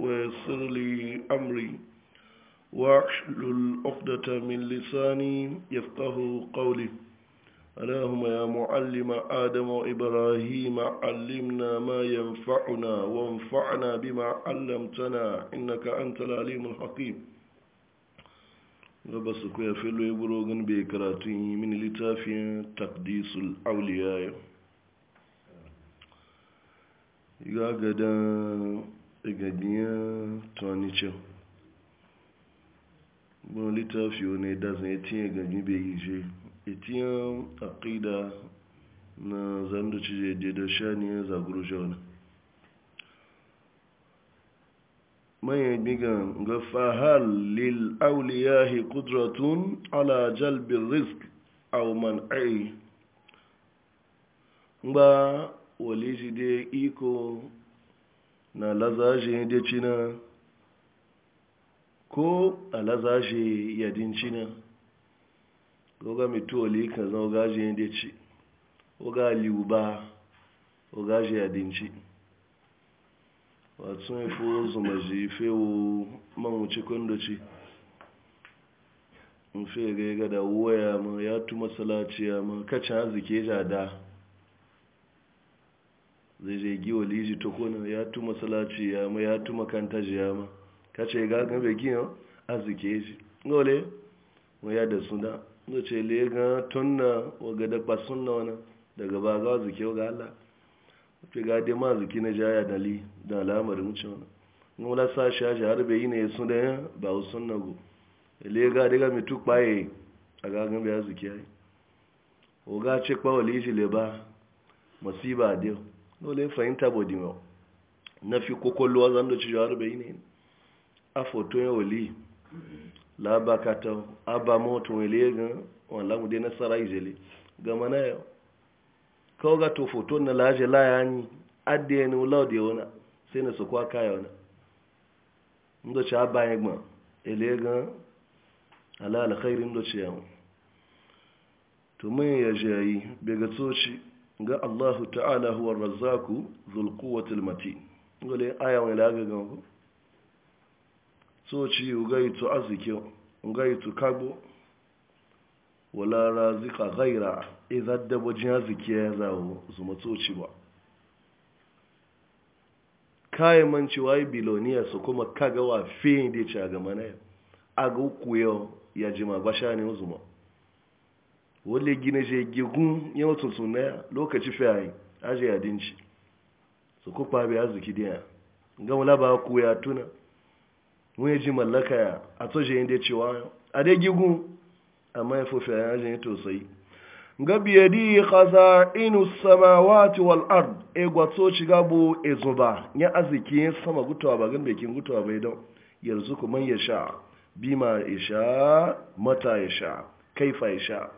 ويسر لي أمري وأحل الأقدة من لساني يفقه قولي اللهم يا معلم آدم وإبراهيم علمنا ما ينفعنا وانفعنا بما علمتنا إنك أنت العليم الحكيم رب يا فيلو يبروغن بكراتي من لتافيا تقديس الأولياء يا قدام igadiyan tuwanicin gbọ́n littafi wani dazin etiyan e e gajin bai je etiyan akida na zando cije je da shaniyan zaguru jona manyan gigan ga fahal lil auliyahi kudratun ala jalbin risk au man'ai ba waliji dai iko na lazaje da cina ko a lazaje yadin cina goga mitoli kan zan gaje da ci oga liuba oga je yadin ci wato ifo zuma ji wo man wuce kwandoci in ya ga da waya ma ya tu masalaci ya ma kacin arziki ya da zai je giwa liji to ya tuma salaci ya ma ya tuma kanta ji ya ma ka ce ga ga be giyo ya ji ngole mu ya da suna zai ce le ga wa ga da basunna wani daga ba ga azike ga Allah ce ga dai ma azike na jaya dali da alamar mucin wani wana ngola sa sha ji har bai yi ne suna ya ba suna go le ga daga mai tu paye a ga be azike ai o ga ce pa wa liji leba masiba dai dole fahimta di mau na fi kokolowa zan da cijiyar arba'in ne a foto ya wali labakata aba moto wale ga wala mu dai nasara ijele ga mana yau kawo ga foto na laje laya ni adde ne wula da yawana sai na sokwa kwa kaya wana ndo ci gba ele ga ala alkhairin do ci to mun ya jayi bega tsoci ga Allahu ta'ala huwa razzaku zul quwwatil matin ngole aya wani laga ga ku so ci ugai to azike ugai to kago wala razika ghaira idan dabo bujin azike ya zawo zuma to ci ba kai man ci wai biloniya su kuma kaga wa fe da ci ga mana a ga kuyo ya jima bashani uzuma wale gina je gigun yau tuntun lokaci fiye a aje adinci su kufa bai arziki diya gama laba ku ya tuna mun yi ji mallaka ya a toje yin da cewa a dai gigun amma ya fufi a yajin ya tosai gabi ya di kasa inu samawati wal ard e gwato ci gabo e zuba ya arziki ya sama gutawa ba gan bekin gutawa bai don yanzu kuma ya sha bima ya sha mata ya sha kaifa ya sha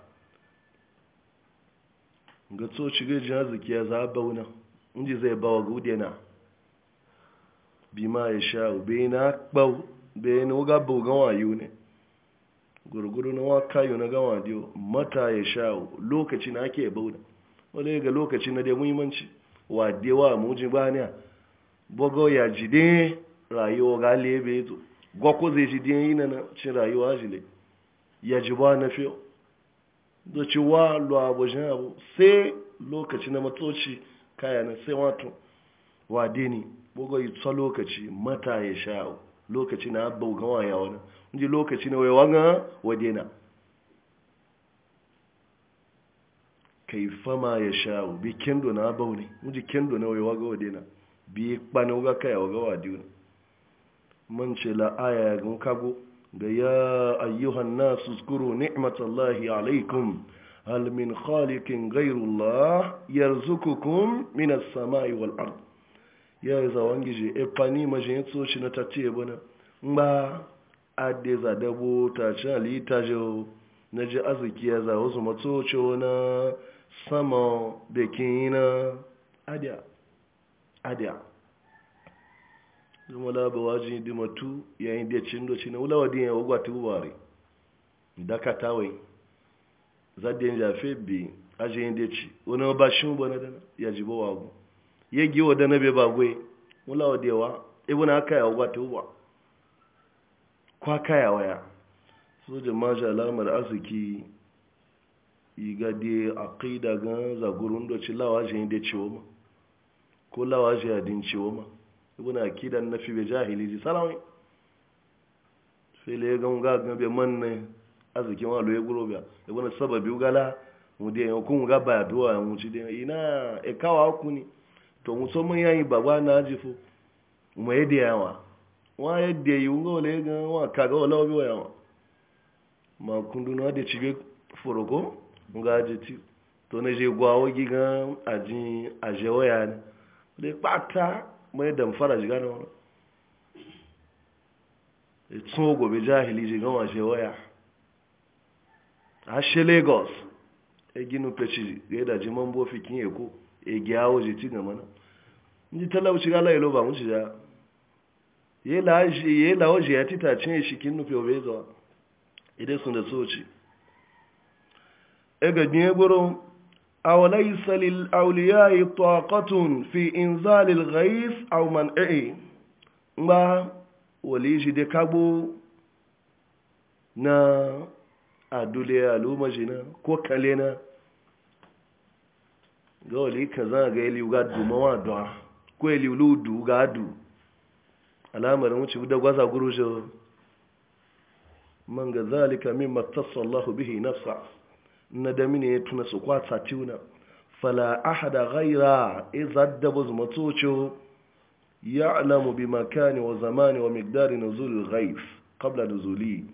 ga tsoci gajin arziki ya za bauna inji zai bawa gude na bi ma ya sha ube na kpau da ya nuga bugan wayo ne gurguru na waka yi na gawa diyo mata ya sha lokaci na ake bauna wale ga lokaci na da muhimmanci wa dewa muji baniya bogo ya jide rayuwa ga lebe zo gwakwa zai jide yi na cin rayuwa jile ya ji ba na fiye doci wa luwa bujin abu sai lokaci na matsoci kaya na sai wato wa dini bugo yi tsa lokaci mata ya sha lokaci na abba gawa ya wani inji lokaci na waiwa ga wa dina kai fama ya sha bi kendo na abau ne inji kendo na waiwa ga wa dina bi kpanu ga kaya wa ga wa diyu man ce ya gun kago ga ya ayyuhan nasu zkuru ni'matallahi alaikum hal min khaliqin ghayrullah yarzuqukum min as-sama'i wal ard ya zawangije e pani majin shi na tace bana Mba, ade za dabo ta chali ta jo na ji arziki ya za wasu matsoci na sama da kina adiya zuma laba waji di matu yayin da cin doci na wulawa din ya wagwa ti wari da ka tawai zadin ja febi aje yin deci wani ba shi mu bana dana ya jibo wago ya giwa da na be ba gwe wulawa da yawa ibuna aka ya wagwa ti wa kwa kaya waya so jama'a alamar arziki iga de aqida gan zagurun doci lawa je yin deci woma ko lawa je adin ci woma ibuna kidan na fi be jahili ji salawi sai le ga ga ga be manne azikin wa loye guro biya ibuna e sababi ugala mu de ko mu ga ba duwa mu ci de ina e kawa ku ni to mu so mun yayi baba na jifu mu yi yede yawa wa yi yungo le ga wa kaga wala bi yawa ma kundu na de ci forogo mu ga jiti to ne je gwawo gigan ajin ajewo ya ne le pata mai damfara jiga na wani tun gobe jahili jiga washe waya ashe lagos e ginu peci ga yadda jiman bofi kin eko e gyawo jiti ga mana ji talauci ga lailo ba muci ja yi lawaji ya tita cin shi kin nufi obezawa idan sun da soci e ga gine gurin أوليس للأولياء طاقة في إنزال الغيث أو منعه ما وليجي دكابو na adule aluma jina ko kalena ga wali ka za ga ili ga du mawa do ko ili lu du ga du alamar mu ci da gwaza guru jo man ga zalika mimma tasalla bihi nafsa na ya tuna su kwata tuna fala ahada ghaira izadda buz matocho ya'lamu bi makani wa zamani wa miqdari nuzul ghaif qabla nuzuli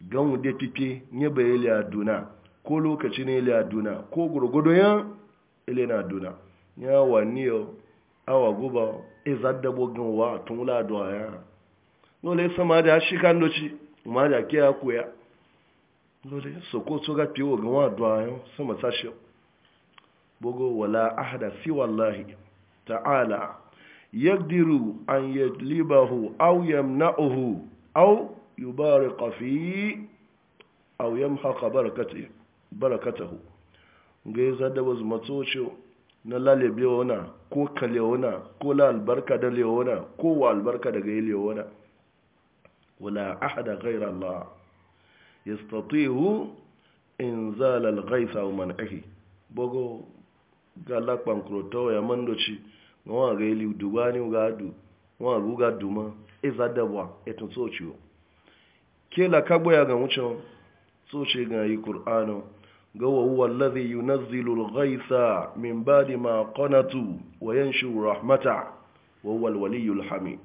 gan wude pipe nye bayele aduna ko lokaci ne ile aduna ko gurgudo ya ile na aduna ya waniyo awa guba izadda gan wa tun do ya no le sama da shi kan ci, ma da kiya koya lori sokoto ga fiye ga wa so sama tashi bugu wala ahada fi wallahi ta'ala yaqdiru an yadlibahu aw yamna'uhu aw yubariqa fi aw yamhaqa barakatihi barakatahu ngai zada wasu matsocho na lale biwona ko kalewona ko la albarka da lewona ko wa albarka daga lewana wala ahada ghayra Allah yastatihu inzal al-ghaitha wa man'ihi bogo ga lakpan kurotawa ya mandoci na wa ga ili dubani ga adu wa ga ga duma iza dabwa etun sociyo kela kagbo ya ga wucin soce ga yi ga wa huwa alladhi yunazzilu al-ghaitha min ba'di ma qanatu wa yanshu rahmata wa huwa al-waliyyu al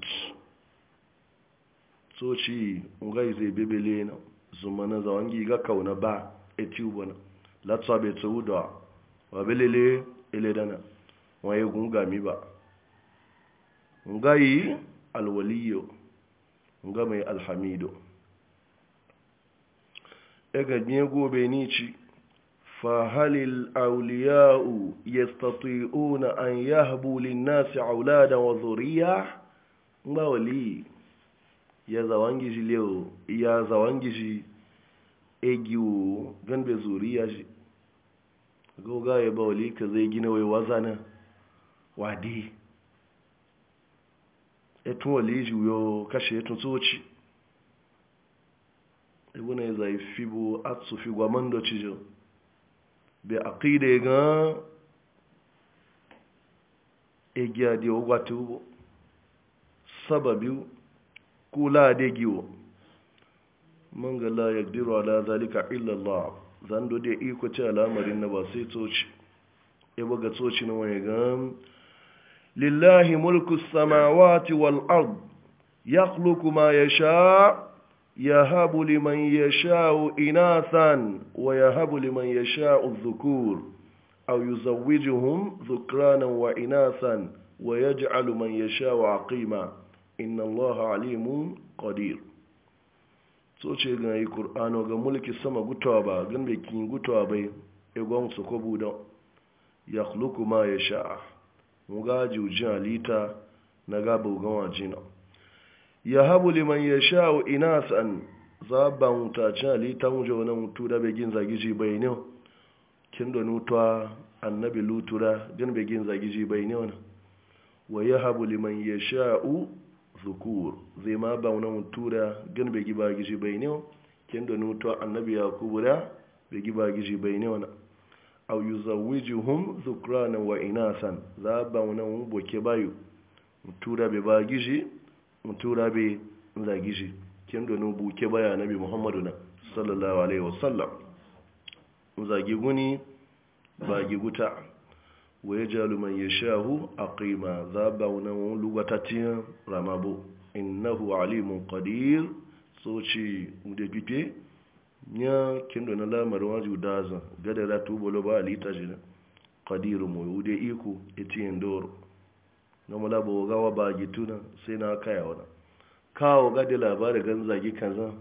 soci ngai zai bebele na zuma na zawangi ga kauna ba etiubo na latsa bai tsawo da lele iledana e waye gungami ba ngayi alwaliyo nga mai alhamido daga e biye gobe ni ci fahalil auliya'u yastati'una an yahbu lin-nasi auladan wa dhurriya ba wali? ya zawangiji leo ya zawangiji egiwo ganbe zuriya shi goga ya ba ka zai gina wai wazana wadi etun waliji yo kashe etun tsoci ibuna e ya zai fibo atsu fi gwaman da cijo bai aƙide gan egiya da ya gwata ubo sababiyu kula da giwo man ga la yaqdiru ala zalika illa Allah zan do da iko ce al'amarin na ba sai toci e baga toci na wani gam lillahi mulku samawati wal ard yakhluqu ma yasha yahabu liman yasha'u inathan wa yahabu liman yasha'u dhukur aw yuzawwijuhum dhukranan wa inathan wa yaj'alu man yasha'u aqima inna allaha alimun qadir so ce ga yi ƙur'ano ga mulki sama gutawa ba gan da kin gutawa bai egon su ko budan ya khluqu ma ya sha'a mu ga jujin alita na ga bugan jina. ya habu liman ya sha'u inasan zaban mutacin alita mu jona nan mutu da begin zagiji bai ne kin da nutuwa annabi lutura gan begin zagiji bai ne wa ya habu liman ya sha'u zukur zai ma ba wani tura gan bai giba gishi bai ne kin da nuto annabi ya kubura bai giba gishi bai ne wani au zukura na wa inasan za ba wani boke bayu tura bai ba gishi tura bai za gishi kin da nu buke baya nabi muhammadu na sallallahu alaihi wasallam zagi guni ba guta wa ya jalu man ya shahu a ƙima za ba wani lubatatiyan ramabo innahu alimun qadir soci da gife Nya kendo na lamarin wajen daza gada da tubolo ba alita jina qadir mu yude iko etiyen doro na mulaba gawa ba gituna sai na kaya wani kawo gada labarin ganzagi kaza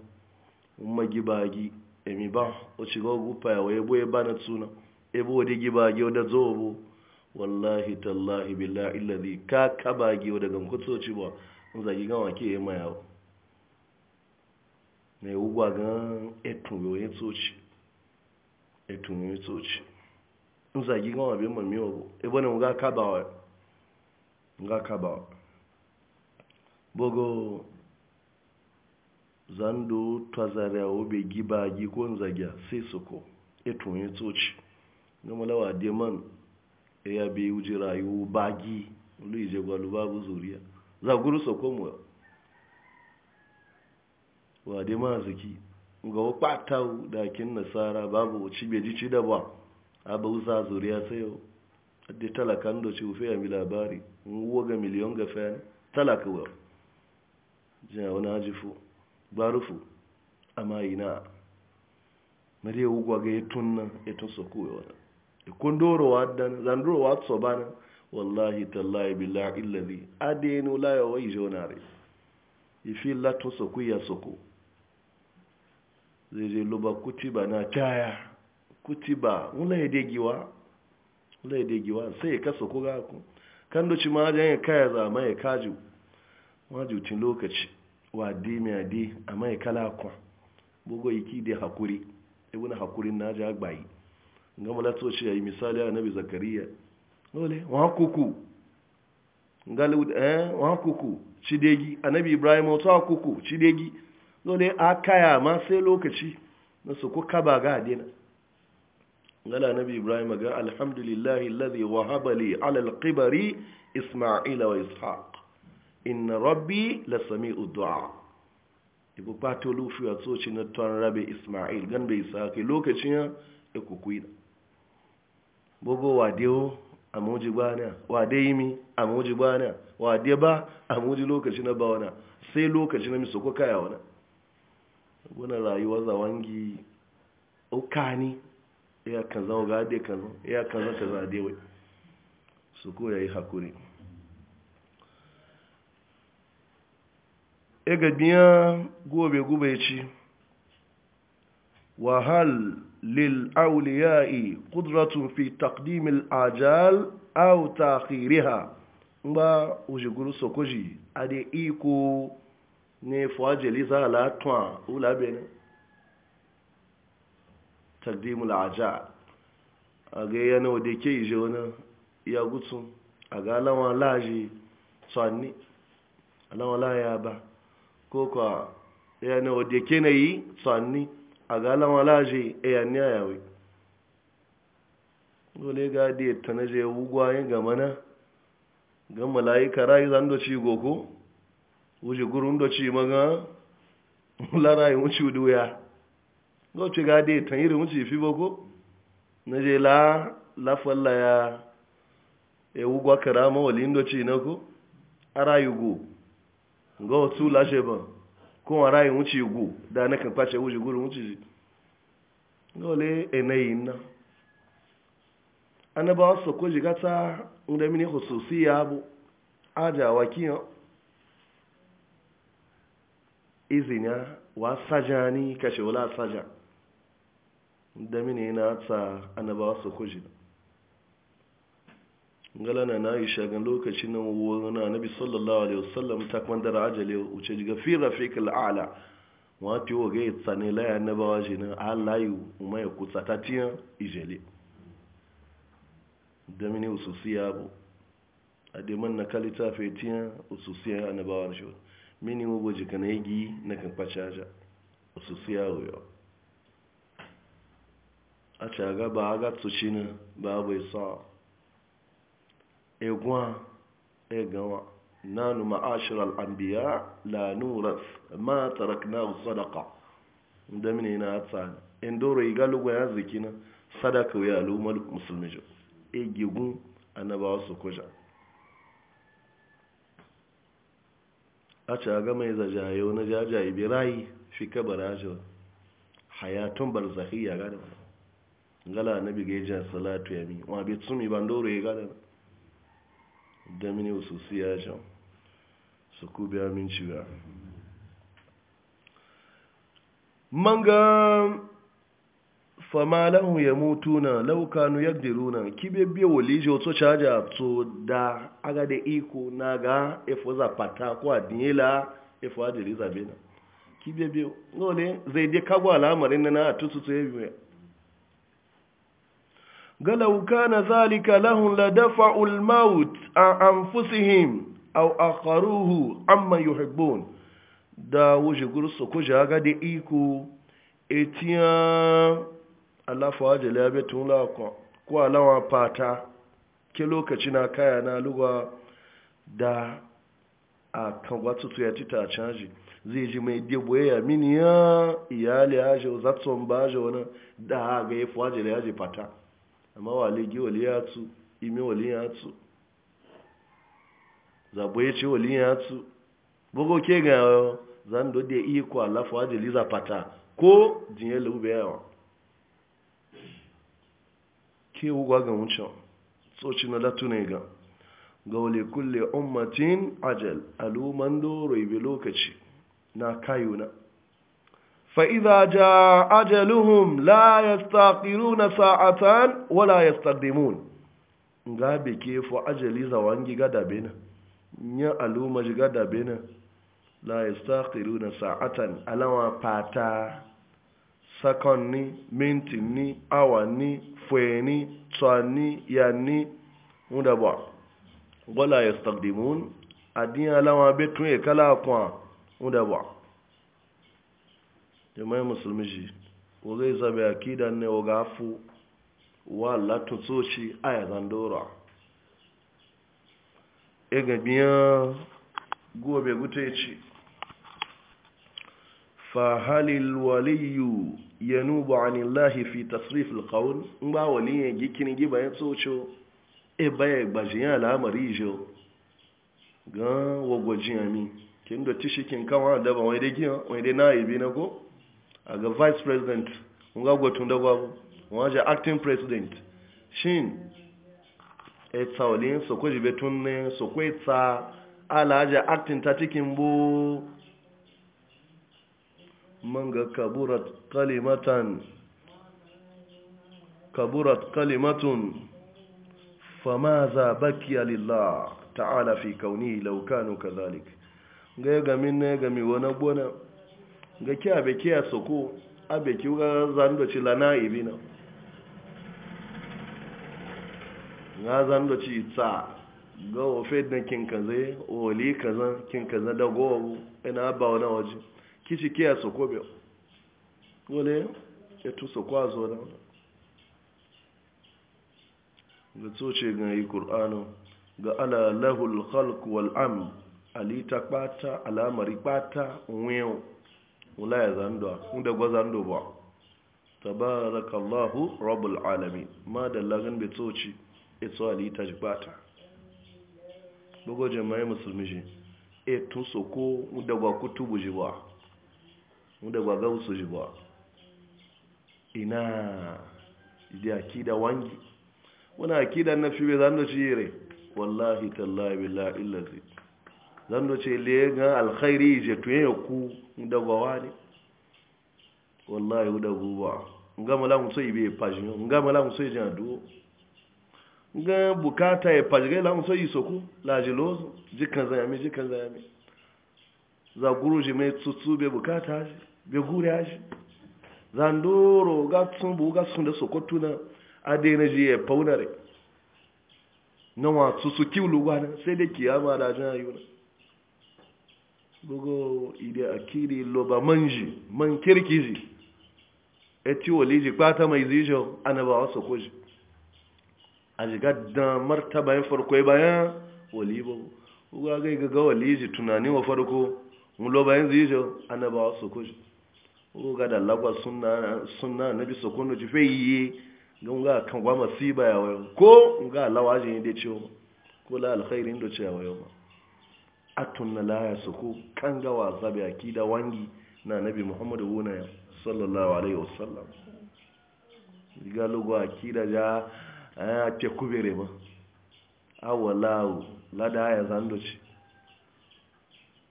magi bagi emi ba o ci ga gupa ya waye boye bana tsuna ebo de gibagi o da zobo wallahi tallahi billahi illazi ka kaba giwa daga mkutsoci ba mun zagi gawa ke yi mayawo na yi ugwa gan etun yoyin tsoci etun yoyin tsoci mun zagi gawa bin mami wa ebo ne nga kaba wa nga kaba wa bogo zando twazaria obe gibagi ko nzagia sai soko etun yoyin tsoci na malawa deman ya bi wuce rayu bagi wani ije gwalu babu zuriya za guru sokon mu wa dai ma zaki ga da kin nasara babu ci bai ji ci da ba abu za zuriya sai yau da talakan da ci ufe ya mi labari wuwa ga miliyon ga fayani talaka wa jiya wani hajifu barufu amma ina na dai wugwa ga ya tunna ya tun sokowa wani kundorowa dan zandorowa tso bana wallahi tallahi billahi illazi adenu la yawai jonare ifi la to so ku ya soko zai loba kutiba na taya kutiba wala ya degiwa wala ya degiwa sai ya kasa ku ga ku kan doci ma jan ya kaya za mai kaju wajutin lokaci wa di mi adi a mai kala kwa bugo iki de hakuri ibuna hakurin na ja gbayi ga malato ce yayi misali nabi zakariya dole wa kuku eh wa kuku cidegi nabi ibrahim wa kuku cidegi dole akaya ma sai lokaci na su ko ba ga adina gala nabi ibrahim ga alhamdulillahi alladhi wahaba li ala kibari, isma'ila wa ishaq inna rabbi la sami'u du'a ibu pato fiye a tsoci na ton rabe ismail gan bai sa kai lokacin ya gbogbo wade ó a mawuji bana wade yimi a mawuji bana wade ba a mawuji lokaci na ba wana sai lokaci na miso ko kaya wana wani rayuwar zawangi ukani ya kan zama ga ade kan ya kan kanzan kaza adé wai su yà yayi hakuri e ga gobe ci wahal للأولياء قدرة في تقديم الآجال أو تأخيرها ba ojiguru sokoji a da iko ne fajeli za a latuwa ulaben takdimul aja a ga yana wadda ke ije wani ya gutsu a ga alawan laji tsanni alawan laya ba ko kwa yana ke yi a ga lamalaji e yanni a yawi dole ga da ta na je wugwa yin gama na ga mala'ika rayu zan doci goko wuce gurin doci maga larayin wuce duya ga ce ga da ta irin wuce fi boko na je la lafalla ya e wugwa kara mawalin doci na ko a rayu go ga otu lashe ban kuma rayin wuce gu da na kan kwace ji dole yanayin nan annabawa su ko jiga ta da mini hususiya abu ajawa kiyan izina wa sajani kashe wala saja da mini na ta annabawa su ngala na na isha gan lokacin nan wani nabi sallallahu alaihi wasallam ta kuma dara ajale wuce ga fi rafiq al'ala wati wa ga tsane la ya naba waje na nan alayu kuma ya kutsa ta tiyan ijele da mini ususiya bu a man na kalita fe tiyan ususiya ya naba wa shi mini wo boji kana yi na kan ja ususiya wo yo a ga ba a gatsu shi na ba bai sa'a egwa egawa nanu ma'ashir al'ambiya la nuras ma tarakna sadaka da mini na tsada in doro igalu ya zikina sadaka ya lumar musulmi jo egigun annabawa su kuja a ci ga mai zajayo na jajaye birayi fi kabara jo hayatun barzakhiya gada gala na gejin salatu ya yami wa bi ban bandoro ya gada E da mini ya siyajen su ku biya min manga fama lahu ya mutu na laukanu ya diruna kibe biya walije wato caja to da aga da iko na ga efo zapata pata ko adinila efo adiriza bena kibe biya ngole zai dai kago al'amarin na na atututu ya biya galau kana zalika lahun ladafa'ul maut a anfusihim aw aqaruhu amma yuhibbun da wuce gursu ku jaga da iko etiyan alafa jala be tun la ko ko alawa fata ke lokaci na kaya na lugwa da a kan wata tuya tita canji zai ji mai debo ya mini ya iyali ya je zatson ba wani da ga ya fuwa jala ya je fata amma wali gi wali ya tsu imi wali ya tsu zabo ya ce wali ya tsu bugo ke ga zan do de iko alafu ade liza pata ko jinye lube yawa ke ugwa ga wucin tsoci na latune ga ga wale kulle ummatin ajal aluman ro ibe lokaci na kayuna فإذا جاء أجلهم لا يستاقلون ساعة ولا يستقدمون ngabe ke fo ajali zawangi gada bena nya aluma gada bena la yastaqiluna sa'atan alawa pata sakonni mintini awani fweni tsani yani unda ba wala yastaqdimun adiyan alawa betun e ba jama'i musulmi shi ko zai zabe akida ne o gafu wa latin soci a yazan dora e ga biya gobe gute ci fahalil waliyu ya nubu anillahi fi tasrif alkawun in ba waliyan gikini giba ya soco e baya gbajiya al'amari jo ga wagwajiya mi kin da tishikin kin kawo da ba wai dai na ibi na ko ga vice president nga gwatun da gwabo waje acting president shin etsa olin so ko jibe ne, so ko etsa alaje acting ta cikin bu manga kaburat kalimatan kaburat kalimatun famaza baki alillah ta'ala fi kauni law kanu kadhalik ga gami ne gami mi wona bona ga ki abe ki a soko abe ki ga zando ci lana na ga zando ci tsa ga ofe na kin kaze oli kaza kin kaza da gowu ina ba wani waje ci ki a soko be dole ya tu soko a zo da wani ga tsoce ga yi ƙur'anu ga ala lahul khalq wal am ali ta kpata alamari kpata wewo wula ya zando inda gwa zando ba tabarakallahu rabbul alamin ma da lagan bai tsoci ito e alita jibata bugajen mai musulmi shi. e tun ko inda gwa kutubu ji ba inda gwa gausu ji ba ina idi akida wangi wani akida na fi bai zando yi rai wallahi tallahi billahi illazi zan doce legan alkhairi je tuye ya ku da gawa ne wallahi da guba nga mala muso ibe pajin nga mala muso je adu nga bukata e pajin la muso isoku la jelozo jikan zayami jikan zayami za guru je mai tutsu be bukata shi be a shi zan doro ga bu ga sun da sokotu na adena ji ya paunare na wa tutsu kiwu lugwa sai da kiyama da jan yi. gogo ide akiri loba manji man kirkiji eti waliji kwata mai zijo annabawa su kuji a jiga da martaba yin farko bayan walibo uga ga gaga waliji tunani wa farko mu loba yin zijo annabawa su kuji uga da lagwa sunna sunna nabi su kunu ji feyi ga uga kan gwa masiba ya wayo ko uga lawajin de ciwo ko la alkhairin do ciwo wayo atunna na laya su kan ga wasa bai akida wangi na nabi muhammadu wuna sallallahu alaihi wasallam riga lugu akida ja a ake kubere ma awalawu lada ya zando ce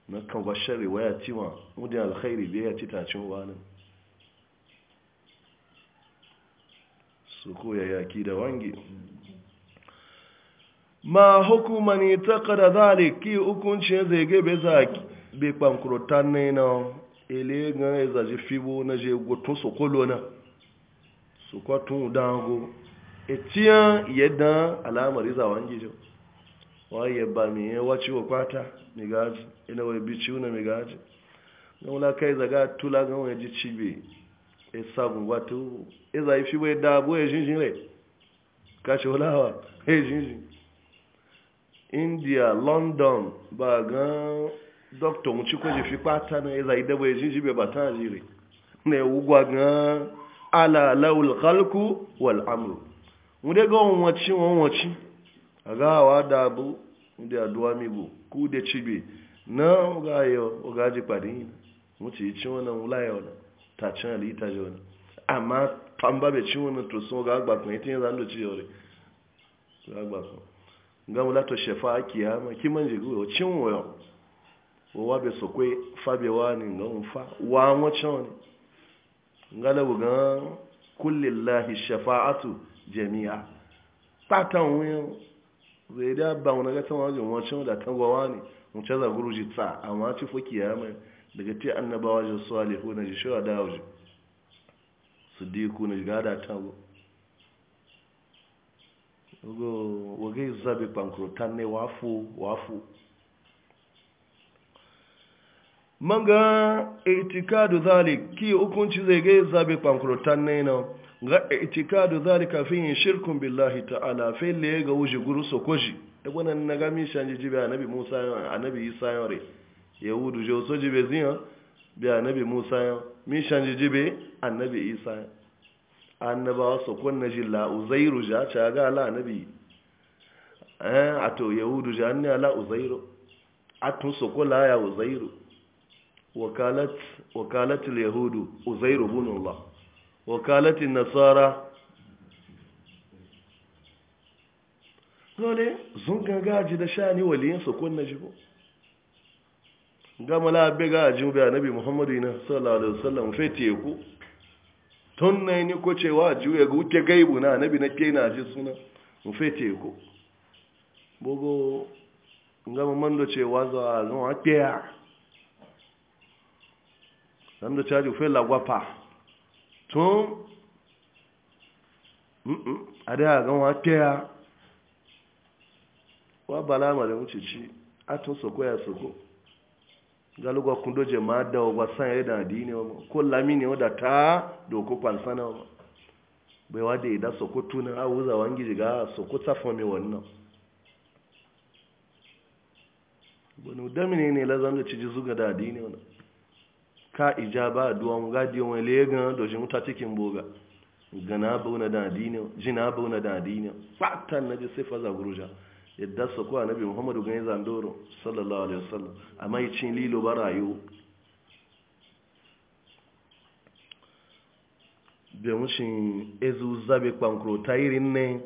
na kan bashar waya ciwa mudin alkhairi bai ya ci tacin wani su ya a kida wangi ma hukuman kada zale ki hukunci zai gebe zaki be pankrotan ne na ile ga eza fibo na je gutu su kolona na su tun dango etian yedan alamar iza wangi jo waye ba mi e wace wa kwata mi gaji ina we bichi una mi gaji ka kai zaga tula ga we ji chibi e sabu watu eza ifibo e dabo ya e jinjin le kacho lawa ya e jinjin india london ba gan dr wuce kwaje fi pata na iza idaba ya e jinjibe ba ta jire na ya wugwa gan ala laul khalku wal amru wude ga wanwaci wanwaci a gawa da abu wude a duwa migo ku da cibe na oga oga ugayo ugaji kwadin wuce ci wannan wulaya wannan ta cin alita ji wannan amma tamba bai ci wannan to sun ga agbakon e ita yin zan da ci yau ne agbakon ngam lato shefa kiyama kiman jiguwa cin wayo wa be sokwe kwe fabe wani ngam fa wa mo chon ngala buga kullillahi shafa'atu jami'a patan wiyo zai da ba wani ga tan wajen wancan da tan gwawa ne mun canza ta a amma ci fo kiyama daga ti annabawa jin alihu na ji shawada wajen siddiqu na ji gada tawo wage zabe bankrotan ne wafu wafu manga itikadu zalik ki hukunci zai ga zabe bankrotan ne na ga itikadu zalika fi shirkun billahi ta'ala fi le ga wuji guru sokoji da wannan na ga min shanje jibe annabi Musa annabi Isa yore yahudu jo so jibe zin bi annabi Musa min shanje jibe annabi Isa annabawa su kunna jilla uzairu ja ta ga ala nabi eh, a to yahudu ja ne ala uzairu a tun su kula ya uzairu wakalat wakalatul yahudu uzairu bunullah wakalatin nasara dole sun gagaji da sha ni waliyin su kunna jibo gama la be gajin bi annabi muhammadu sallallahu alaihi wasallam fe teku tun na ni ko cewa juya ga wuce gaibu na nabi na ke na ji suna rufe teku bugu gama mando cewa za a zama ɗaya sanda caji rufe lagwafa tun a da a zama ɗaya wa balama da wuce ci a tun soko ya soko galugo kundo jama'a da san ya da adini wa ko lamini wa da ta ko kwansana wa bai wa da idan sokoto na awuza wangi jiga sokota wonno wannan wani damine ne la zanga ci zuga da adini wa ka ijaba duwa mu gadi wa lega dojin muta cikin boga gana bauna da jina bauna da adini fatan na je sifa za guruja yadda su kuwa nabi muhammadu gani zandoro sallallahu alaihi wasallam a mai cin lilo ba rayu da mushin ezu zabe kwankuro ta yi rinne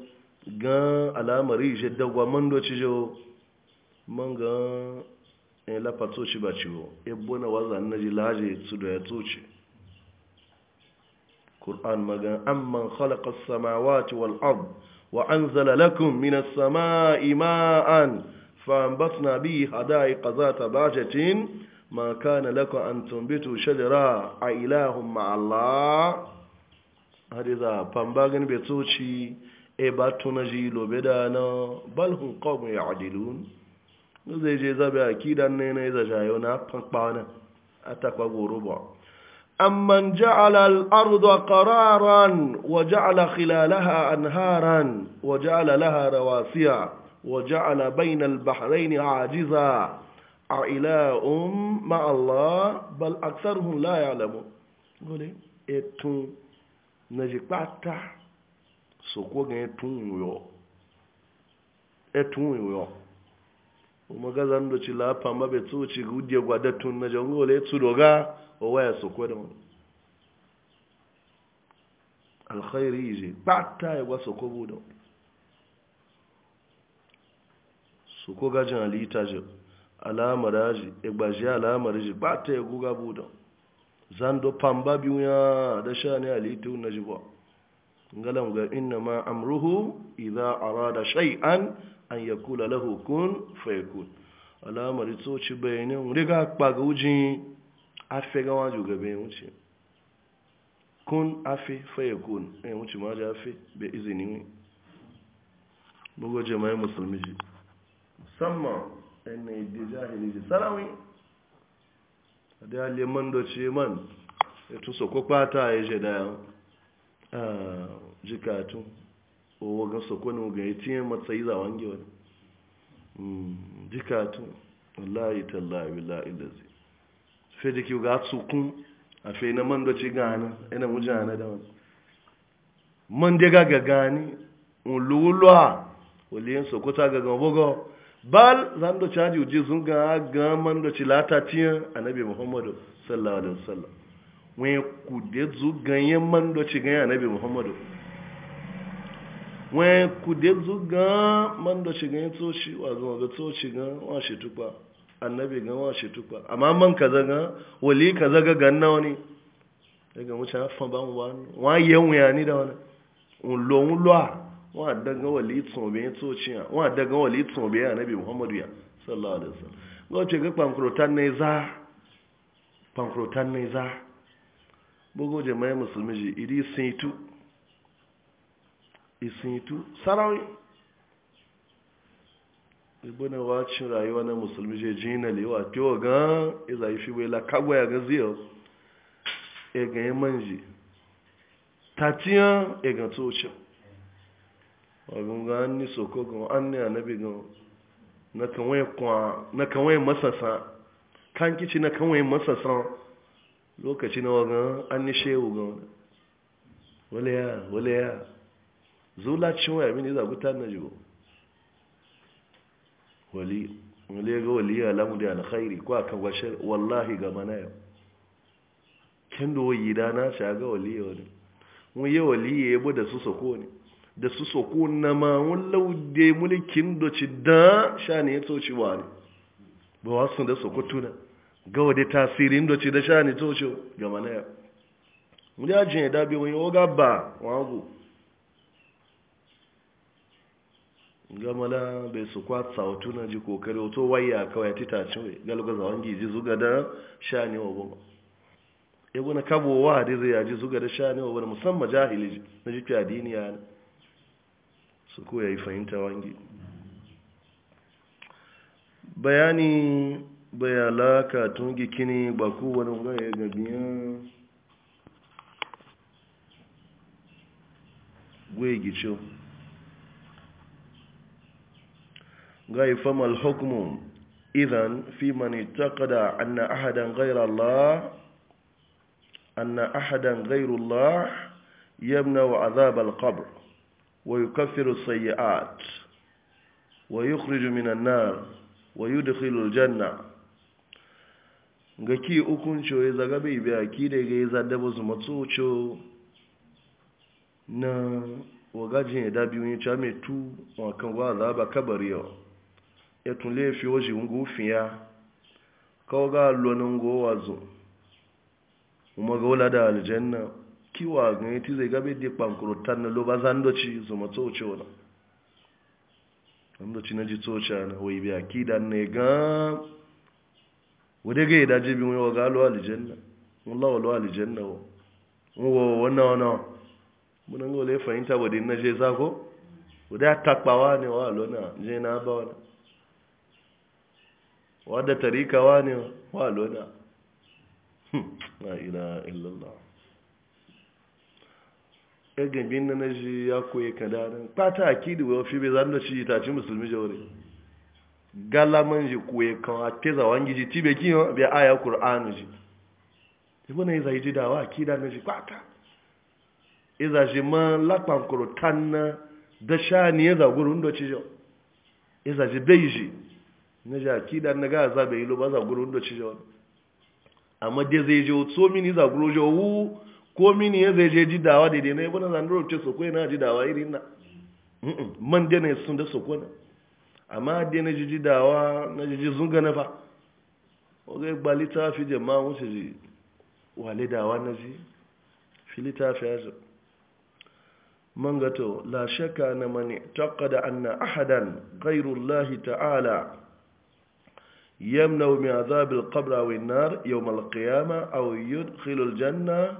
gan alamari je dagwa mando eh, ci jo man gan ya lafa toci ba ciwo ya na waza na ji laje su da ya toci ƙur'an magan amman khalaqa samawati wal ard وأنزل لكم من السماء ماء فأنبتنا به حدائق ذات بهجة ما كان لكم أن تنبتوا شجرا أإله مع الله هذا فنبغن بتوشي إباتنا جيلو بدانا بل هم قوم يعدلون zai je بأكيدا نينا إذا جايونا yi zajayo غروبا amman ja'ala al-ardha wa ja'ala khilalaha anharan wa ja'ala laha rawasiya wa ja'ala bayna al-bahrayni ajiza a'ila um ma Allah bal aktharuhum la ya'lamun gole etun naji pata soko gan etun yo etun yo o magazan do chi la pamba be tu chi gudye gwadatun naji gole etu doga o waya su da mu alkhairi je ba ta yi wasa ko buda su ko gajin halitta je alamar aji igbaji alamar je ba ta yi guga buda zando pamba biyu ya da sha ne na jibuwa ngalam inna ma amruhu idza arada shay'an an kun riga afe gawa jugabe wuce kun afe faye kun ya eh, wuce ma ji afe bai izini ne bugu mai musulmi ji musamman yan na idi jahili ji sarawi da aliman man ce man ya e tuso kwakwata ya e je da ah, jikatu owo ga sokonin ga ya tiye matsayi zawon gewa hmm, jikatu wallahi tallahi billahi lazi sai da kiwu ga tsukun a fe na man da doci gani ina e ana da wani man da ga ga gani un lulwa waliyan sokota ga gabogo bogo bal zan do caji uje sun ga ga man doci latatiyan annabi muhammadu sallallahu alaihi wasallam wani ku de zu ganyen man doci ganyen annabi muhammadu wen ku de zu ga man da doci ganyen tsoci wa ga tsoci ga wa shi tukwa annabi ga wa shi tukwa amma man ka zaga wali ka zaga ganna wani daga wuce hafa ba mu wani wa yan wuya ni da wani lo un a wa daga wali tsobe ci wa daga wali tsobe annabi muhammadu ya sallallahu alaihi wasallam ga ce ga pankrotan ne za pankrotan ne za bugo jama'a musulmi ji idi sintu yi tu yi tu ibina wacin rayuwa na musulmi je jina lewa tewa gan iza yi fi bai la kagwa ya ga ziyar e ga yi manji tatiyan e ga ce wajen ga an ni soko ga an ni anabi ga na kanwai masasa kan kici na kanwai masasa lokaci na wagan an ni shehu ga wani wale ya wale ya zula cin waya mini zaguta na jibo wali wale ga wali ya lamu da alkhairi ko aka washar wallahi ga mana yau kin do yi da na sha ga wali ya wani mu yi wali ya yabo da su soko ne da su soko na ma mun laude mulkin do ci da sha ne ya toci wa ne ba wasu da soko tuna ga wade tasirin do ci da sha ne toci ga mana yau mu ya jin da bi wani oga ba wago gamala bai su kwatsa wato na ji kokari wato waya kawai titacin galga zawon gizi zuga da shani wa goma ya guna kabo wa hadi zai yaji zuga da shani wa goma musamman jahili na jikin adini su ko ya yi fahimta wangi bayani bayalaka tun gikini ba kowane gaya gabiyan gwe gicewa غاي فما الحكم إذن في من اعتقد أن أحدا غير الله أن أحدا غير الله يمنع عذاب القبر ويكفر السيئات ويخرج من النار ويدخل الجنة gaki hukuncho ya zaga bai biya ki da ga ya zada ba su matsocho na wagajin ya dabi wani cha mai wa za ba kabari yau ya tun laifi waje ngufin kawo ga lonin gowa zo kuma ga wula da aljanna kiwa ga yi zai gabe di kwankurutan na loba zan doci zo ma tsoce wani an doci na ji tsoce na wai biya ki da ne ga wadda ga yi daji bin yawa ga lo aljanna wallawa lo aljanna wa wannan wannan munan ga wale fahimta wadda na je zako wadda ya takpawa ne wa alona je na ba wani wadda tarikawa ne wa loda hmm, na ila illallah ɗagen bin na naji ya koye kadarin fata akidi wa fi bai zan da shi itaci musulmi jawari galaman ji koye kan a teza wangi ji tibe kiyon bai aya kur'anu ji ibu na iza ji dawa akida na ji fata iza ji man lakpan kuro tanna da sha ni ya zaguru ndo ci jau iza ji bai ji na jaki da na ga za bai lo ba za guru da ci jawon amma dai zai je so mini za guru jo wu ko mini ya zai je ji dawa daidai na yi na zan duro ce so ko ji dawa irin na man dai ne sun da so ko amma dai na ji ji dawa na ji ji zunga na fa o zai gba litafi je ma wuce ji wale dawa na ji fi litafi ya zo man gato la shakka na mani taqada anna ahadan lahi ta'ala yamna min azabil qabr aw an-nar yawm al-qiyamah aw yudkhilu al-janna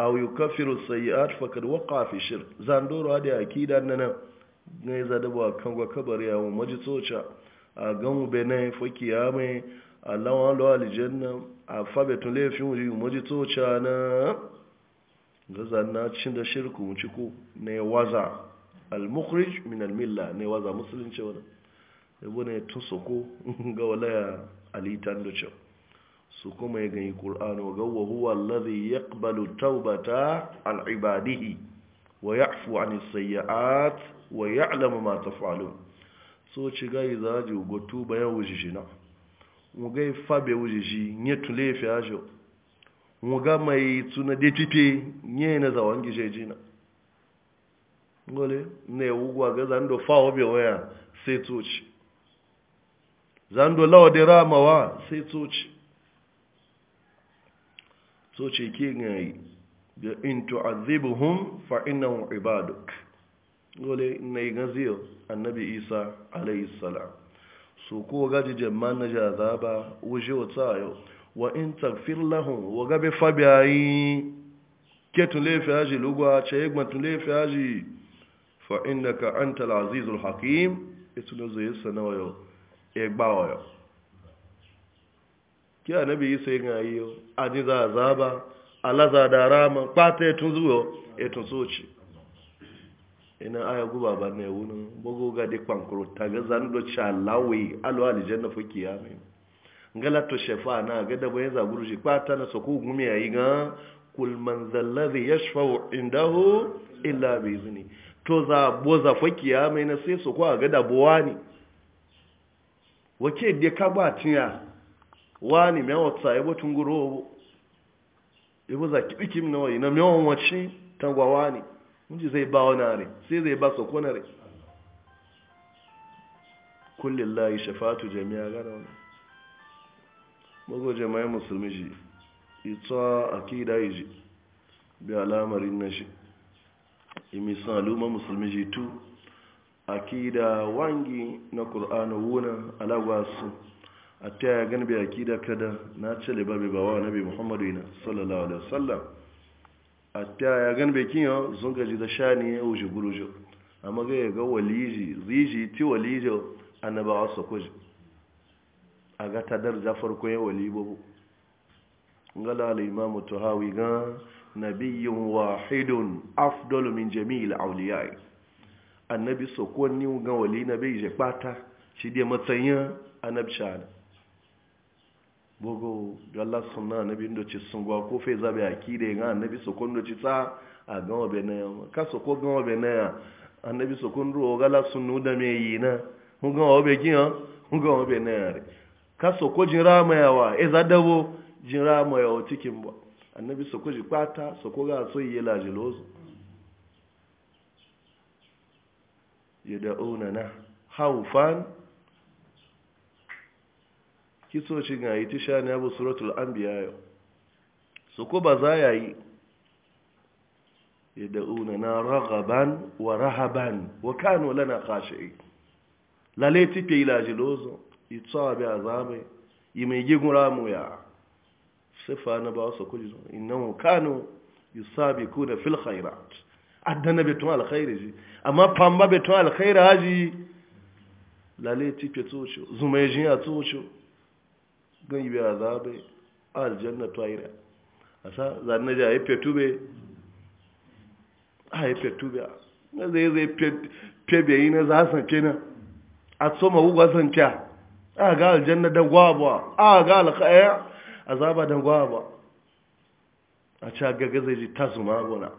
aw yukaffiru as-sayyi'at faqad waqa'a fi shirk zandoro hadi akida nan ne za da ba kan gwa kabari ya maji tsoca a gamu bene fa kiyame Allah wa lo aljanna a fa betun le fi mu maji tsoca na gazan na cin da shirku mu ciko ne waza al-mukhrij min al-milla ne waza musulunci wannan ibune tun soko ga walaya alitan da cewa su kuma ya gani ƙul'anu ga wahuwa allazi ya ƙbalu taubata al'ibadihi wa ya fi wani sayya'at wa ya alama mata falo so ci gai za ji gotu bayan wujiji na mugai fabe wujiji ya tule fi ajo muga mai tuna dpp ya na zawon gije jina gole ne wugwa ga zan da fawo bewaya sai tuci zando lawa da ramawa sai tsoci tsoci ke yi. da in tu'azibuhum fa innahum ibaduk gole na yi gaziyo annabi isa alayhi salam su ko gaji jamman na jazaba wuje wata yau wa in tagfir lahum wa gabe fabiyayi ke tun lefi haji lugwa ce yi gban tun lefi haji fa innaka antal azizul hakim ita na zai sanawa yau egba oyo ki anabi yi sai ga yi ani za azaba alaza da rama pata etun zuwo ina aya guba ba ne wunin bugu ga di kwankuro do cha to na gada da bayan zaguru na soko gumi yayi ga kul man zallazi yashfa'u indahu to za boza fuki ya mai na sai soko ga da buwani wake de ka ba tiya wani me wata yabo tunguro yabo za ki bikim na wani na me won wace tangwa wani munji zai ba wani are sai zai ba soko na re layi shafatu jami'a ga wani mago mai musulmi ji ita akida ji bi alamarin nashi imisan aluma musulmi ji tu akida wangi na ƙur'anu wuna alagwasu a ta ya gani akida kada na ce libabi bawa nabi muhammadu ina sallallahu alaihi wasallam a ta ya gani kiyo sun gaji da shani ya wuce gurujo amma ga ya ga waliji ziji ti walijo annabawa su kuji a ga ta darja farko ya wali babu ngala al-imamu tuhawi ga nabiyyun wahidun afdalu min jami'il awliya'i annabi ni ga wali na bai je kpata shi dai matsayin annabsha ne bogo galla sunna annabi ndo ci sungwa ko fe zabe akide ga annabi sokon ndo ci ta a ga obe na ya ka soko ga obe na ya annabi sokon ro galla sunnu da me yi na mu ga obe gi ha mu ga obe na ya ka soko jira ma yawa e zadabo jira ma yawa cikin ba annabi soko ji kpata soko ga so yi la jilozo na haufan kisocin a yi tisha ne abu suratul anbiya yau su ko ba za ya yi na ragaban wa rahaban wa kano lana kashe. kashi'i lale tipe ilajilozo itso abi azame, yi mai gigun mu ya sifa na ba su kuji innahu kano ku da khairat adana beton alkhairi ji amma famba beton alkhairi haji lale tipe tsoci zumai e jiya tsoci gan yi biya zaɓe aljanna twaira a sa zane a yi fetu be a yi e fetu be na zai zai febe yi na za san na a tsoma hukwa san a ga aljanna don gwaba a ga alkhaya azaba don gwaba a ci a zai ji ta zuma gona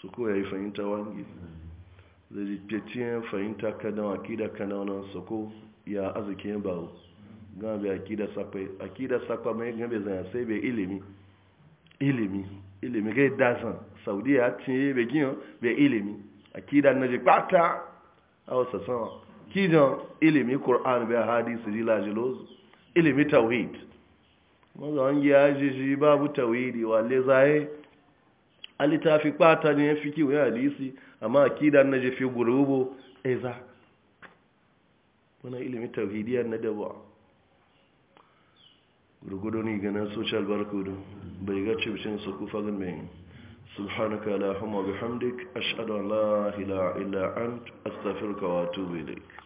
su ko ya yi fahimta wangi zai jikpetiyan fahimta kanan akida kananan su ko ya arzikin bawo gambe akida sakpa akida sakpa mai gambe zanya sai bai ilimi ilimi ilimi gai san. saudiya tiye bai bai ilimi akida na a wasu sama kijan ilimi kur'an bai hadisi jilajilozu ilimi tawhid wanda an yi babu tawhidi wale zaye alitafi kpata ne fiki wa hadisi amma akida na jefe gurubu eza wannan ilimin tauhidiyya na dabo gurgudu ne ganin social barcode bai ga cibcin su kufa gan mai subhanaka allahumma bihamdik ashhadu an la ilaha illa ant astaghfiruka wa atubu